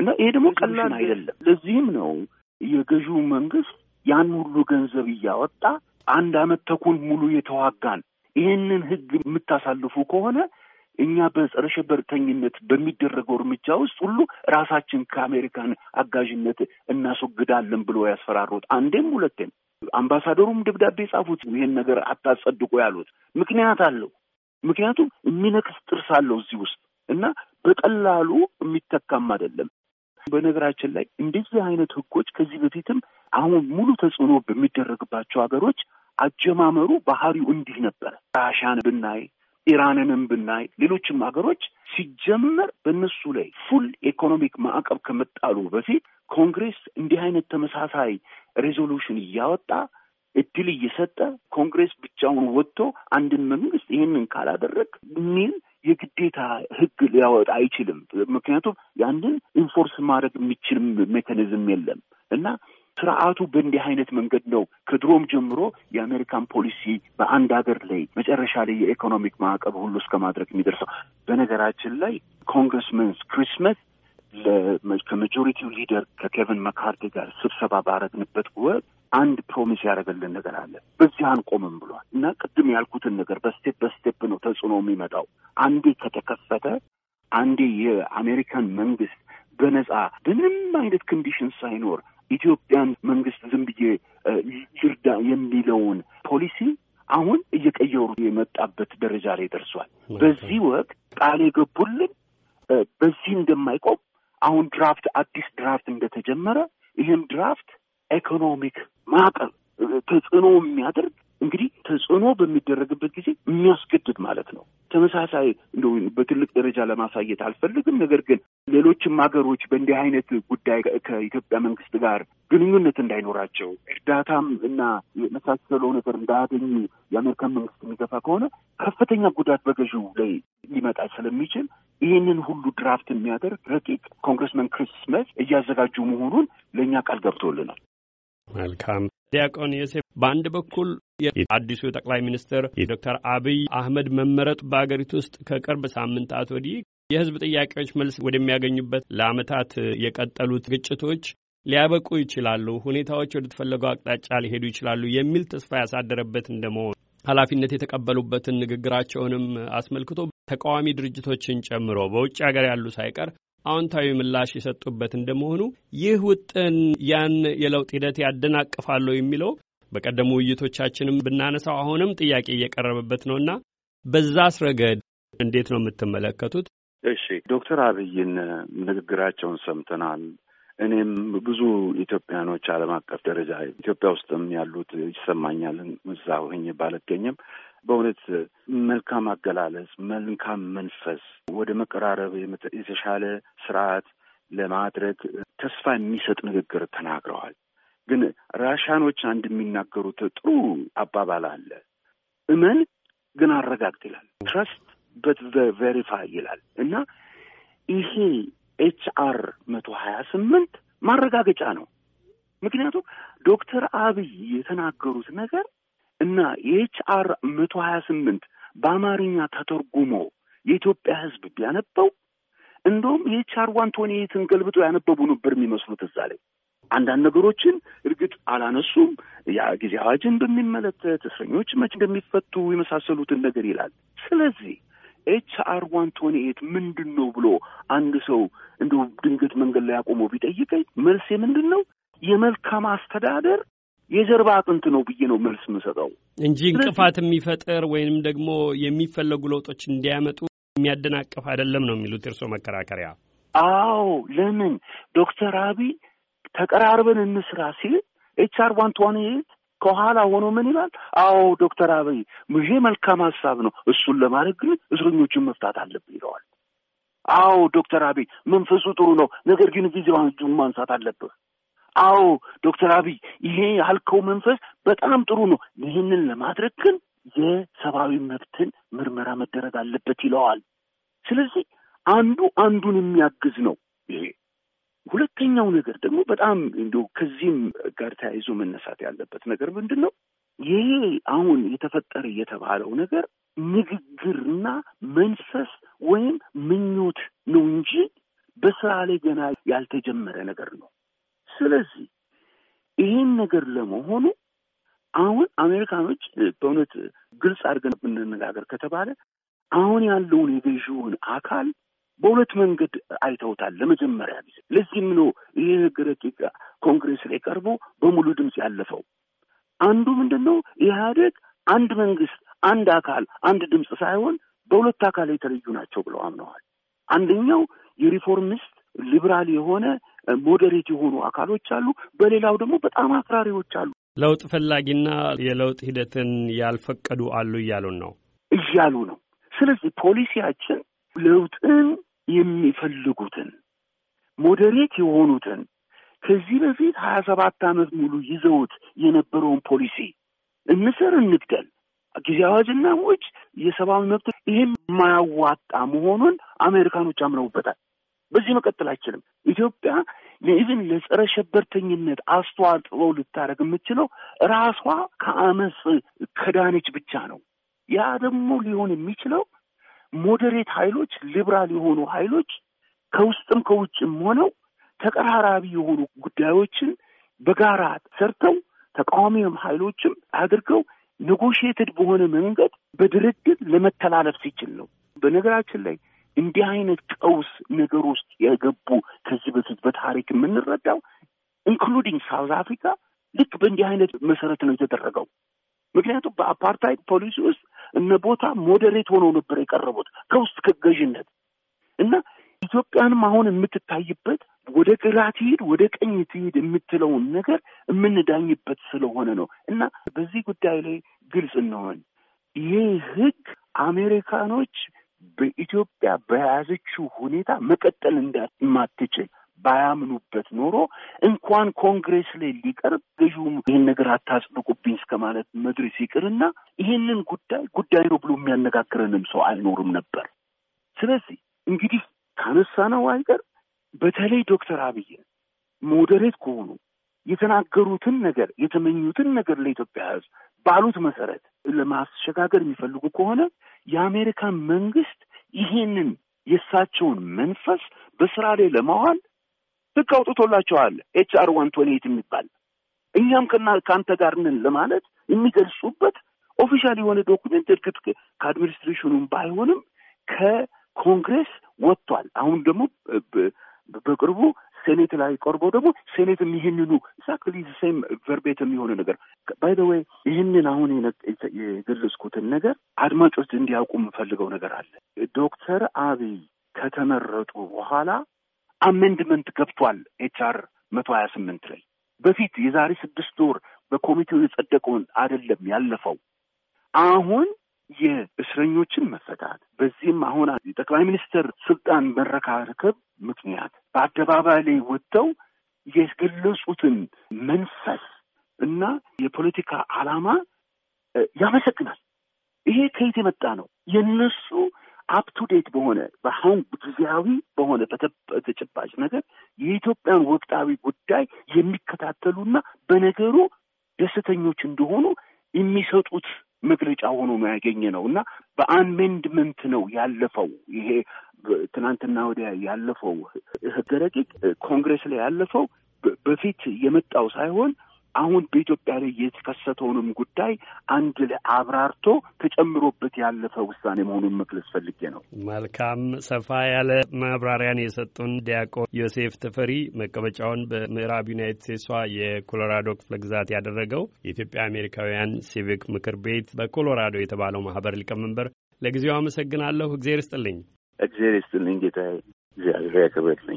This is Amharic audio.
እና ይሄ ደግሞ ቀላል አይደለም። ለዚህም ነው የገዢው መንግስት ያን ሁሉ ገንዘብ እያወጣ አንድ አመት ተኩል ሙሉ የተዋጋን ይህንን ህግ የምታሳልፉ ከሆነ እኛ በጸረ ሸበርተኝነት በሚደረገው እርምጃ ውስጥ ሁሉ ራሳችን ከአሜሪካን አጋዥነት እናስወግዳለን ብሎ ያስፈራሩት አንዴም ሁለቴም። አምባሳደሩም ደብዳቤ የጻፉት ይህን ነገር አታጸድቁ ያሉት ምክንያት አለው። ምክንያቱም የሚነክስ ጥርስ አለው እዚህ ውስጥ እና በቀላሉ የሚተካም አይደለም። በነገራችን ላይ እንደዚህ አይነት ህጎች ከዚህ በፊትም አሁን ሙሉ ተጽዕኖ በሚደረግባቸው ሀገሮች አጀማመሩ ባህሪው እንዲህ ነበረ። ራሻን ብናይ ኢራንንም ብናይ ሌሎችም ሀገሮች ሲጀመር በእነሱ ላይ ፉል ኢኮኖሚክ ማዕቀብ ከመጣሉ በፊት ኮንግሬስ እንዲህ አይነት ተመሳሳይ ሬዞሉሽን እያወጣ እድል እየሰጠ ኮንግሬስ ብቻውን ወጥቶ አንድን መንግስት ይህንን ካላደረግ ሚል የግዴታ ህግ ሊያወጣ አይችልም። ምክንያቱም ያንን ኢንፎርስ ማድረግ የሚችልም ሜካኒዝም የለም እና ስርዓቱ በእንዲህ አይነት መንገድ ነው ከድሮም ጀምሮ የአሜሪካን ፖሊሲ በአንድ ሀገር ላይ መጨረሻ ላይ የኢኮኖሚክ ማዕቀብ ሁሉ እስከ ማድረግ የሚደርሰው። በነገራችን ላይ ኮንግረስመንስ ክሪስመስ ከመጆሪቲው ሊደር ከኬቨን መካርቲ ጋር ስብሰባ ባረግንበት ወቅት አንድ ፕሮሚስ ያደረገልን ነገር አለ። በዚህ አንቆምም ብሏል እና ቅድም ያልኩትን ነገር በስቴፕ በስቴፕ ነው ተጽዕኖ የሚመጣው። አንዴ ከተከፈተ አንዴ የአሜሪካን መንግስት በነጻ ምንም አይነት ኮንዲሽን ሳይኖር ኢትዮጵያን መንግስት ዝም ብዬ የሚለውን ፖሊሲ አሁን እየቀየሩ የመጣበት ደረጃ ላይ ደርሷል። በዚህ ወቅት ቃል የገቡልን በዚህ እንደማይቆም አሁን ድራፍት አዲስ ድራፍት እንደተጀመረ ይህም ድራፍት ኢኮኖሚክ ማዕቀብ ተጽዕኖ የሚያደርግ እንግዲህ ተጽዕኖ በሚደረግበት ጊዜ የሚያስገድድ ማለት ነው። ተመሳሳይ እንደ በትልቅ ደረጃ ለማሳየት አልፈልግም። ነገር ግን ሌሎችም ሀገሮች በእንዲህ አይነት ጉዳይ ከኢትዮጵያ መንግስት ጋር ግንኙነት እንዳይኖራቸው እርዳታም እና የመሳሰለው ነገር እንዳያገኙ የአሜሪካን መንግስት የሚገፋ ከሆነ ከፍተኛ ጉዳት በገዢው ላይ ሊመጣ ስለሚችል ይህንን ሁሉ ድራፍት የሚያደርግ ረቂቅ ኮንግረስመን ክሪስ ስሚዝ እያዘጋጁ መሆኑን ለእኛ ቃል ገብቶልናል። መልካም ዲያቆን ዮሴፍ በአንድ በኩል የአዲሱ ጠቅላይ ሚኒስትር የዶክተር አብይ አህመድ መመረጥ በአገሪቱ ውስጥ ከቅርብ ሳምንታት ወዲህ የህዝብ ጥያቄዎች መልስ ወደሚያገኙበት ለአመታት የቀጠሉት ግጭቶች ሊያበቁ ይችላሉ፣ ሁኔታዎች ወደተፈለገው አቅጣጫ ሊሄዱ ይችላሉ የሚል ተስፋ ያሳደረበት እንደመሆኑ ኃላፊነት የተቀበሉበትን ንግግራቸውንም አስመልክቶ ተቃዋሚ ድርጅቶችን ጨምሮ በውጭ ሀገር ያሉ ሳይቀር አዎንታዊ ምላሽ የሰጡበት እንደመሆኑ ይህ ውጥን ያን የለውጥ ሂደት ያደናቅፋለሁ የሚለው በቀደሙ ውይይቶቻችንም ብናነሳው አሁንም ጥያቄ እየቀረበበት ነውና በዛስ ረገድ እንዴት ነው የምትመለከቱት? እሺ ዶክተር አብይን ንግግራቸውን ሰምተናል። እኔም ብዙ ኢትዮጵያኖች ዓለም አቀፍ ደረጃ ኢትዮጵያ ውስጥም ያሉት ይሰማኛል እዛ ሆኜ ባልገኝም በእውነት መልካም አገላለጽ፣ መልካም መንፈስ ወደ መቀራረብ የተሻለ ስርዓት ለማድረግ ተስፋ የሚሰጥ ንግግር ተናግረዋል። ግን ራሻኖች አንድ የሚናገሩት ጥሩ አባባል አለ። እመን ግን አረጋግጥ ይላል። ትረስት በት ቬሪፋይ ይላል እና ይሄ ኤች አር መቶ ሀያ ስምንት ማረጋገጫ ነው። ምክንያቱም ዶክተር አብይ የተናገሩት ነገር እና የኤችአር መቶ ሀያ ስምንት በአማርኛ ተተርጉሞ የኢትዮጵያ ህዝብ ቢያነበው እንደውም የኤችአር ዋን ቶኒ ኤትን ገልብጦ ያነበቡ ነበር የሚመስሉት እዛ ላይ አንዳንድ ነገሮችን እርግጥ አላነሱም። ያ ጊዜ አዋጅን በሚመለከት እስረኞች መቼ እንደሚፈቱ የመሳሰሉትን ነገር ይላል። ስለዚህ ኤች አር ዋን ቶኒ ኤት ምንድን ነው ብሎ አንድ ሰው እንዲሁ ድንገት መንገድ ላይ አቆሞ ቢጠይቀኝ መልሴ ምንድን ነው? የመልካም አስተዳደር የጀርባ አጥንት ነው ብዬ ነው መልስ የምሰጠው እንጂ እንቅፋት የሚፈጥር ወይንም ደግሞ የሚፈለጉ ለውጦች እንዲያመጡ የሚያደናቅፍ አይደለም ነው የሚሉት የእርስዎ መከራከሪያ? አዎ ለምን ዶክተር አብይ ተቀራርበን እንስራ ሲል ኤች አር ዋን ትዋን ከኋላ ሆኖ ምን ይላል? አዎ ዶክተር አብይ ይሄ መልካም ሀሳብ ነው፣ እሱን ለማድረግ ግን እስረኞቹን መፍታት አለብን ይለዋል። አዎ ዶክተር አብይ መንፈሱ ጥሩ ነው፣ ነገር ግን ጊዜዋን እጁን ማንሳት አለብህ አዎ ዶክተር አብይ ይሄ ያልከው መንፈስ በጣም ጥሩ ነው። ይህንን ለማድረግ ግን የሰብአዊ መብትን ምርመራ መደረግ አለበት ይለዋል። ስለዚህ አንዱ አንዱን የሚያግዝ ነው ይሄ። ሁለተኛው ነገር ደግሞ በጣም እንዲ ከዚህም ጋር ተያይዞ መነሳት ያለበት ነገር ምንድን ነው? ይሄ አሁን የተፈጠረ የተባለው ነገር ንግግርና መንፈስ ወይም ምኞት ነው እንጂ በስራ ላይ ገና ያልተጀመረ ነገር ነው። ስለዚህ ይሄን ነገር ለመሆኑ አሁን አሜሪካኖች በእውነት ግልጽ አድርገን ብንነጋገር ከተባለ አሁን ያለውን የገዢውን አካል በሁለት መንገድ አይተውታል። ለመጀመሪያ ጊዜ ለዚህም ነው ይህ ህግ ረቂቅ ኮንግሬስ ላይ ቀርቦ በሙሉ ድምፅ ያለፈው። አንዱ ምንድን ነው ኢህአዴግ አንድ መንግስት፣ አንድ አካል፣ አንድ ድምፅ ሳይሆን በሁለት አካል የተለዩ ናቸው ብለው አምነዋል። አንደኛው የሪፎርሚስት ሊብራል የሆነ ሞዴሬት የሆኑ አካሎች አሉ። በሌላው ደግሞ በጣም አክራሪዎች አሉ። ለውጥ ፈላጊና የለውጥ ሂደትን ያልፈቀዱ አሉ እያሉን ነው እያሉ ነው። ስለዚህ ፖሊሲያችን ለውጥን የሚፈልጉትን ሞዴሬት የሆኑትን ከዚህ በፊት ሀያ ሰባት ዓመት ሙሉ ይዘውት የነበረውን ፖሊሲ እንስር፣ እንግደል፣ ጊዜ አዋጅና ውጭ የሰብአዊ መብት ይህም የማያዋጣ መሆኑን አሜሪካኖች አምነውበታል። በዚህ መቀጠል አይችልም። ኢትዮጵያ ኢቭን ለጸረ ሸበርተኝነት አስተዋጽኦ ልታደርግ የምችለው ራሷ ከአመፅ ከዳነች ብቻ ነው። ያ ደግሞ ሊሆን የሚችለው ሞዴሬት ኃይሎች ሊብራል የሆኑ ኃይሎች ከውስጥም ከውጭም ሆነው ተቀራራቢ የሆኑ ጉዳዮችን በጋራ ሰርተው ተቃዋሚም ኃይሎችም አድርገው ኔጎሽየትድ በሆነ መንገድ በድርድር ለመተላለፍ ሲችል ነው። በነገራችን ላይ እንዲህ አይነት ቀውስ ነገር ውስጥ የገቡ ከዚህ በፊት በታሪክ የምንረዳው ኢንክሉዲንግ ሳውዝ አፍሪካ ልክ በእንዲህ አይነት መሰረት ነው የተደረገው። ምክንያቱም በአፓርታይድ ፖሊሲ ውስጥ እነ ቦታ ሞዴሬት ሆነው ነበር የቀረቡት ከውስጥ ከገዥነት እና ኢትዮጵያንም አሁን የምትታይበት ወደ ግራ ትሂድ ወደ ቀኝ ትሂድ የምትለውን ነገር የምንዳኝበት ስለሆነ ነው እና በዚህ ጉዳይ ላይ ግልጽ እንሆን። ይህ ህግ አሜሪካኖች ኢትዮጵያ በያዘችው ሁኔታ መቀጠል እንዳማትችል ባያምኑበት ኖሮ እንኳን ኮንግሬስ ላይ ሊቀርብ ገዥውም ይህን ነገር አታጽድቁብኝ እስከ ማለት መድረስ ይቅርና ይህንን ጉዳይ ጉዳይ ነው ብሎ የሚያነጋግረንም ሰው አይኖርም ነበር። ስለዚህ እንግዲህ ካነሳነው አይቀር በተለይ ዶክተር አብይን ሞዴሬት ከሆኑ የተናገሩትን ነገር የተመኙትን ነገር ለኢትዮጵያ ሕዝብ ባሉት መሰረት ለማስሸጋገር የሚፈልጉ ከሆነ የአሜሪካን መንግስት ይሄንን የእሳቸውን መንፈስ በስራ ላይ ለማዋል ህግ አውጥቶላቸዋል። ኤች አር ዋን ቶኔት የሚባል እኛም ከና ከአንተ ጋር ነን ለማለት የሚገልጹበት ኦፊሻል የሆነ ዶኩሜንት እርግጥ ከአድሚኒስትሬሽኑም ባይሆንም ከኮንግሬስ ወጥቷል። አሁን ደግሞ በቅርቡ ሴኔት ላይ ቀርቦ ደግሞ ሴኔትም ይህንኑ ኤግዛክትሊ ሴም ቨርቤት የሆነ ነገር ባይ ዘ ዌይ ይህንን አሁን የገለጽኩትን ነገር አድማጮች እንዲያውቁ የምፈልገው ነገር አለ። ዶክተር አብይ ከተመረጡ በኋላ አሜንድመንት ገብቷል ኤች አር መቶ ሀያ ስምንት ላይ በፊት የዛሬ ስድስት ወር በኮሚቴው የጸደቀውን አይደለም ያለፈው አሁን የእስረኞችን መፈታት በዚህም አሁን የጠቅላይ ሚኒስትር ስልጣን መረካከብ ምክንያት በአደባባይ ላይ ወጥተው የገለጹትን መንፈስ እና የፖለቲካ ዓላማ ያመሰግናል። ይሄ ከየት የመጣ ነው? የነሱ አፕቱዴት በሆነ በአሁን ጊዜያዊ በሆነ በተጨባጭ ነገር የኢትዮጵያን ወቅታዊ ጉዳይ የሚከታተሉና በነገሩ ደስተኞች እንደሆኑ የሚሰጡት መግለጫ ሆኖ ነው ያገኘ ነው እና በአሜንድመንት ነው ያለፈው ይሄ ትናንትና ወዲያ ያለፈው ህገ ረቂቅ ኮንግሬስ ላይ ያለፈው በፊት የመጣው ሳይሆን አሁን በኢትዮጵያ ላይ የተከሰተውንም ጉዳይ አንድ ላይ አብራርቶ ተጨምሮበት ያለፈ ውሳኔ መሆኑን መግለጽ ፈልጌ ነው። መልካም ሰፋ ያለ ማብራሪያን የሰጡን ዲያቆ ዮሴፍ ተፈሪ መቀመጫውን በምዕራብ ዩናይትድ ስቴትሷ የኮሎራዶ ክፍለ ግዛት ያደረገው የኢትዮጵያ አሜሪካውያን ሲቪክ ምክር ቤት በኮሎራዶ የተባለው ማህበር ሊቀመንበር፣ ለጊዜው አመሰግናለሁ። እግዜር ይስጥልኝ። እግዜር ይስጥልኝ ጌታ እግዚአብሔር ያክብርልኝ።